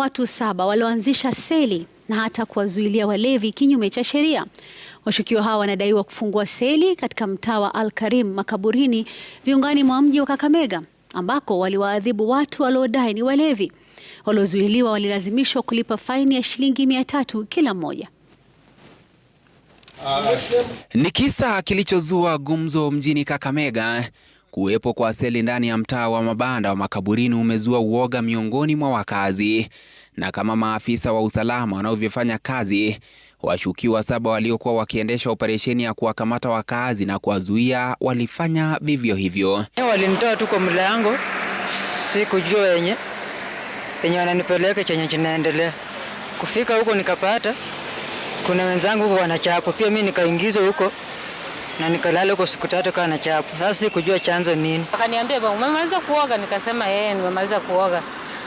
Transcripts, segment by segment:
watu saba walioanzisha seli na hata kuwazuilia walevi kinyume cha sheria. Washukiwa hawa wanadaiwa kufungua seli katika mtaa wa Al Karim Makaburini, viungani mwa mji wa Kakamega, ambako waliwaadhibu watu waliodai ni walevi. Waliozuiliwa walilazimishwa kulipa faini ya shilingi mia tatu kila mmoja. Ni kisa kilichozua gumzo mjini Kakamega Kuwepo kwa seli ndani ya mtaa wa mabanda wa makaburini umezua uoga miongoni mwa wakazi, na kama maafisa wa usalama wanavyofanya kazi, washukiwa saba waliokuwa wakiendesha operesheni ya kuwakamata wakazi na kuwazuia walifanya vivyo hivyo. Walinitoa tu kwa mlango, sikujua wenye enye wananipeleka chenye chinaendelea. Kufika huko nikapata kuna wenzangu huko wanachapo pia mi nikaingizwa huko na nikalala kwa siku tatu kana chapu. Sasa sikujua chanzo nini, akaniambia bwana, umemaliza kuoga? Nikasema yeye eh, nimemaliza kuoga.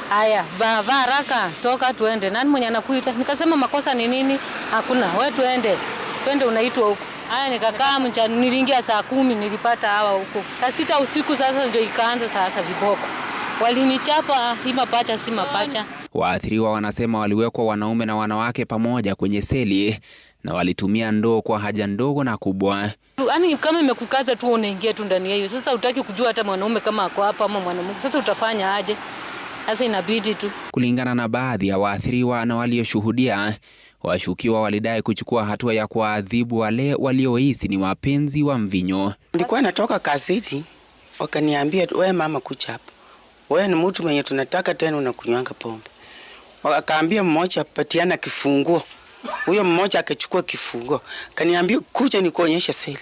Haya, vaa haraka, toka tuende. Nani mwenye anakuita? Nikasema makosa ni nini? Hakuna, wewe tuende, twende, unaitwa huko. Haya, nikakaa mcha, niliingia saa kumi nilipata hawa huko saa sita usiku. Sasa ndio ikaanza sasa viboko, walinichapa hii mapacha si mapacha. Waathiriwa wanasema waliwekwa wanaume na wanawake pamoja kwenye seli na walitumia ndoo kwa haja ndogo na kubwa yani kama imekukaza tu unaingia tu ndani ya hiyo. Sasa utaki kujua hata mwanaume kama ako hapa ama mwanamke, sasa utafanya aje? Sasa inabidi tu. Kulingana na baadhi ya waathiriwa na walioshuhudia, washukiwa walidai kuchukua hatua ya kuwaadhibu wale waliohisi ni wapenzi wa mvinyo. Nilikuwa natoka kasiti, wakaniambia we mama, kucha hapa, we ni mtu mwenye tunataka tena, unakunywanga pombe. Wakaambia mmoja patiana kifunguo, huyo mmoja akachukua kifunguo, kaniambia kuja nikuonyesha seli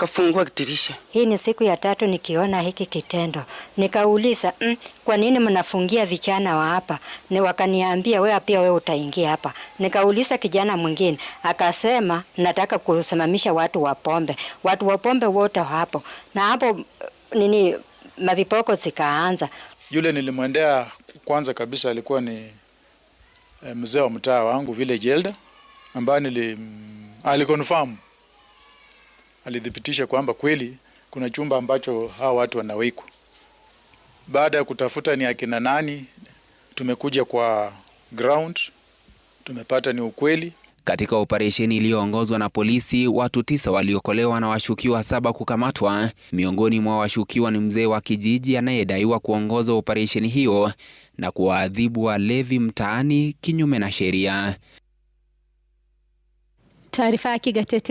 kafungua dirisha. Hii ni siku ya tatu nikiona hiki kitendo, nikauliza mm, kwa nini mnafungia vijana wa hapa? Ni wakaniambia wewe pia wewe utaingia hapa. Nikauliza kijana mwingine, akasema nataka kusimamisha watu wa pombe, watu wa pombe wote hapo. Na hapo nini mavipoko zikaanza. Yule nilimwendea kwanza kabisa alikuwa ni eh, mzee wa mtaa wangu vile Jelda ambaye nili alikonfirm alithibitisha kwamba kweli kuna chumba ambacho hawa watu wanawekwa. Baada ya kutafuta ni akina nani, tumekuja kwa ground, tumepata ni ukweli. Katika operesheni iliyoongozwa na polisi, watu tisa waliokolewa na washukiwa saba kukamatwa. Miongoni mwa washukiwa ni mzee wa kijiji anayedaiwa kuongoza operesheni hiyo na kuwaadhibu walevi mtaani kinyume na sheria. Taarifa ya Kigatete.